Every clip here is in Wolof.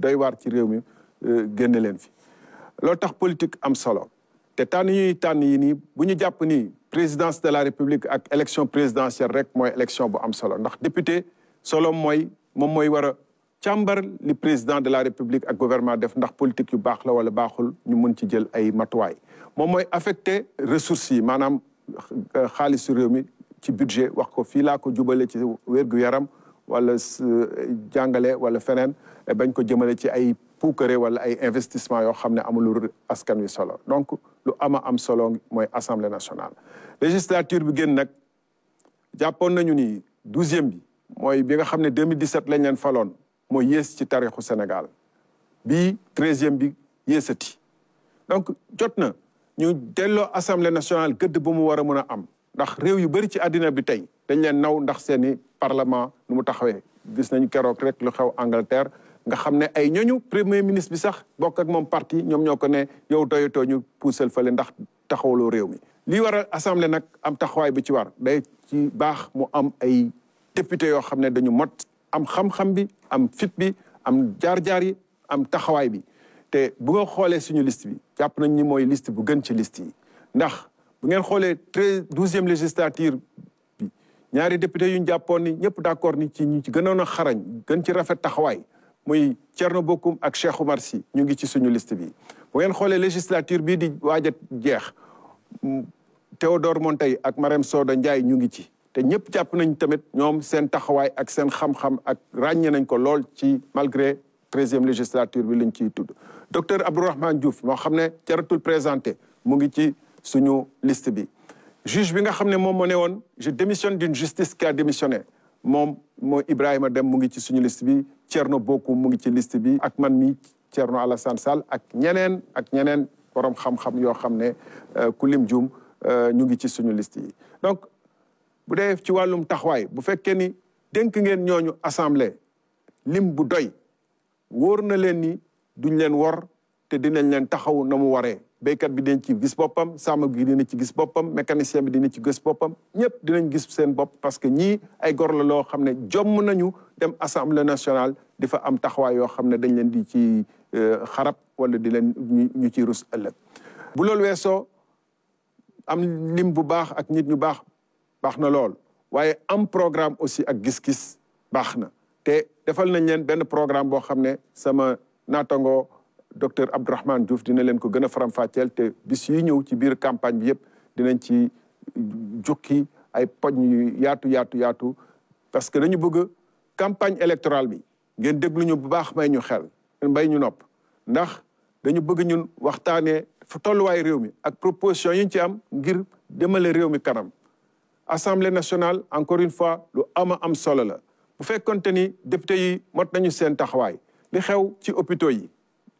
day war ci réew mi euh, fi tax politique am solo té tan yi tan yi ni buñu japp ni présidence de la république ak élection présidentielle rek moy élection bu am solo ndax député solo moy mon moy wara a président de la république ak gouvernement def ndax politique yu bax la wala baxul ñu mën ci jël ay matuwaay mom moy affecté ressources yi manam euh, xaalisu réew ci budget wax ko fi la ko jubale ci yaram wala eh, jàngale wala feneen eh, bañ ko jëmale ci ay puukare wala ay investissement yoo xam ne amulul askan wi solo donc lu ama am solo mooy assemblée nationale. législature bi génn nag jàppoon nañu ni douzième bi mooy bi nga xam ne 2017 lañ leen faloon mooy yées ci tarixu Sénégal bi treizième bi yéesati donc jot na ñu delloo assemblée nationale gëdd bu mu war a mën a am. ndax réew yu bëri ci àddina bi tey dañ leen naw ndax seeni parlement nu mu taxawee gis nañu keroog rek lu xew Angleterre nga xam ne ay ñooñu premier ministre bi sax bokk ak moom parti ñoom ñoo ko ne yow doyatoo ñu puusal fële ndax taxawaloo réew mi. lii waral assemblée nag am taxawaay bi ci war day ci baax mu am ay député yoo xam ne dañu mot am xam-xam bi am fit bi am jaar-jaar yi am taxawaay bi te bu nga xoolee suñu liste bi jàpp nañ ni mooy liste bu gën ci liste yi ndax. bu ngeen xoolee treize douzième législature bi ñaari député yu ñu jàppoon ni ñëpp d' accord ni ci ñu ci gënoon a xarañ gën ci rafet taxawaay muy Thierno bokkum ak Cheikh Oumar Sy ñu ngi ci suñu liste bi. bu ngeen xoolee législature bii di waaj a jeex Théodore Monteil ak Marème Soda Ndiaye ñu ngi ci. te ñëpp jàpp nañ tamit ñoom seen taxawaay ak seen xam-xam ak ràññee nañ ko lool ci malgré treizième législature bi lañ ciy tudd docteur Abdourahmane Diouf moo xam ne jaratul présenté mu ngi ci. suñu liste bi juge bi nga xamne ne moom moo je démissionne d'une justice qui a démissionné mom mo Ibrahima Dem mu ngi ci suñu liste bi Thierno Bocoum mu ngi ci liste bi ak man mi Thierno Alassane Sall ak ñeneen ak ñeneen borom xam-xam yo xamne ne euh, ku euh, ñu ngi ci suñu liste yi donc bu def ci walum taxway bu fekkee ni denk ngeen ñooñu assemblée lim bu doy wóor na leen ni duñ len wor te dinañ leen taxaw na mu waree béykat bi dinañ ci gis boppam sàmm gi dina ci gis boppam mécanicien bi dina ci gis boppam ñëpp dinañ gis seen bopp parce que ñii ay gor la loo xam ne jomm nañu dem assemblée nationale di am taxawaay yoo xam ne dañ leen di ci euh, xarab wala di leen ñu ci rus ëllëg bu loolu weesoo am lim bu baax ak nit ñu baax baax na lool waaye am programme aussi ak gis-gis baax na te defal nañ leen benn programme boo xam ne sama naatangoo docteur Abdourahmane Diouf dina leen ko gën a faram-fàcceel te bis yi ñëw ci biir campagne bi yëpp dinañ ci jukki ay poñ yu yaatu yaatu yaatu parce que dañu bëgg campagne électorale bi ngeen déglu ñu bu baax may ñu xel mbay ñu nopp ndax dañu bëgg ñun waxtaanee fu tolluwaay réew mi ak proposition yi ñu ci am ngir demale réew mi kanam assemblée nationale encore une fois lu ama am solo la bu fekkonte ni député yi mot nañu seen taxawaay di xew ci hôpitaux yi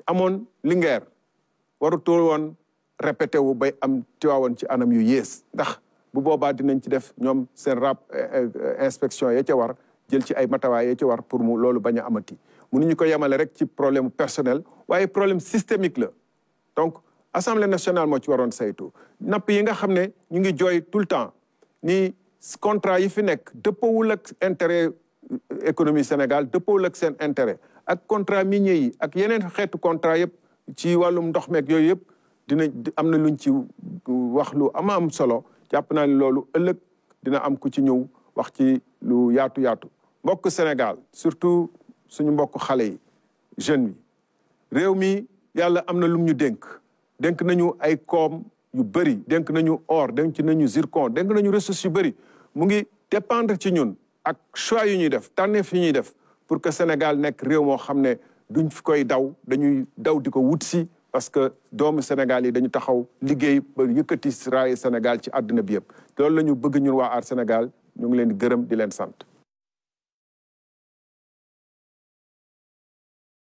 amoon Linguère warutul woon répété wu bay am Tiwaawoon ci anam yu yées ndax bu boobaa dinañ ci def ñoom seen rap eh, eh, inspection ya ca war jël ci ay matawaay ya ci war pour mu loolu bañ a amati ñu ko yemale rek ci problème personnel waaye problème systémique la donc assemblée nationale moo ci waroon saytu napp yi nga xam ne ñu ngi jooy tout le temps ni contrat yi fi nekk dëppawul ak intérêt euh, économie Sénégal dëppawul ak seen intérêt ak contrat minier yi ak yeneen xeetu contrat yëpp ci wàllum ndox meeg yooyu yëpp dina am na luñ ci wax lu ama am solo jàpp naa ne loolu ëllëg dina am ku ci ñëw wax ci lu yaatu yaatu mbokk Sénégal surtout suñu mbokk xale yi jeunes yi réew mi yàlla am na lum ñu denk dénk nañu ay koom yu bëri dénk nañu or dénk nañu zircon dénk nañu ressources yu bëri mu ngi dépendre ci ñun ak choix yu ñuy def tànneef yu ñuy def pour que Sénégal nekk réew moo xam ne duñ fi koy daw dañuy daw di ko wut si parce que doomu Sénégal yi dañu taxaw liggéey ba yëkkati raayu Sénégal ci àdduna bi yëpp loolu la ñu bëgg ñun waa Aar Sénégal ñu ngi leen di gërëm di leen sant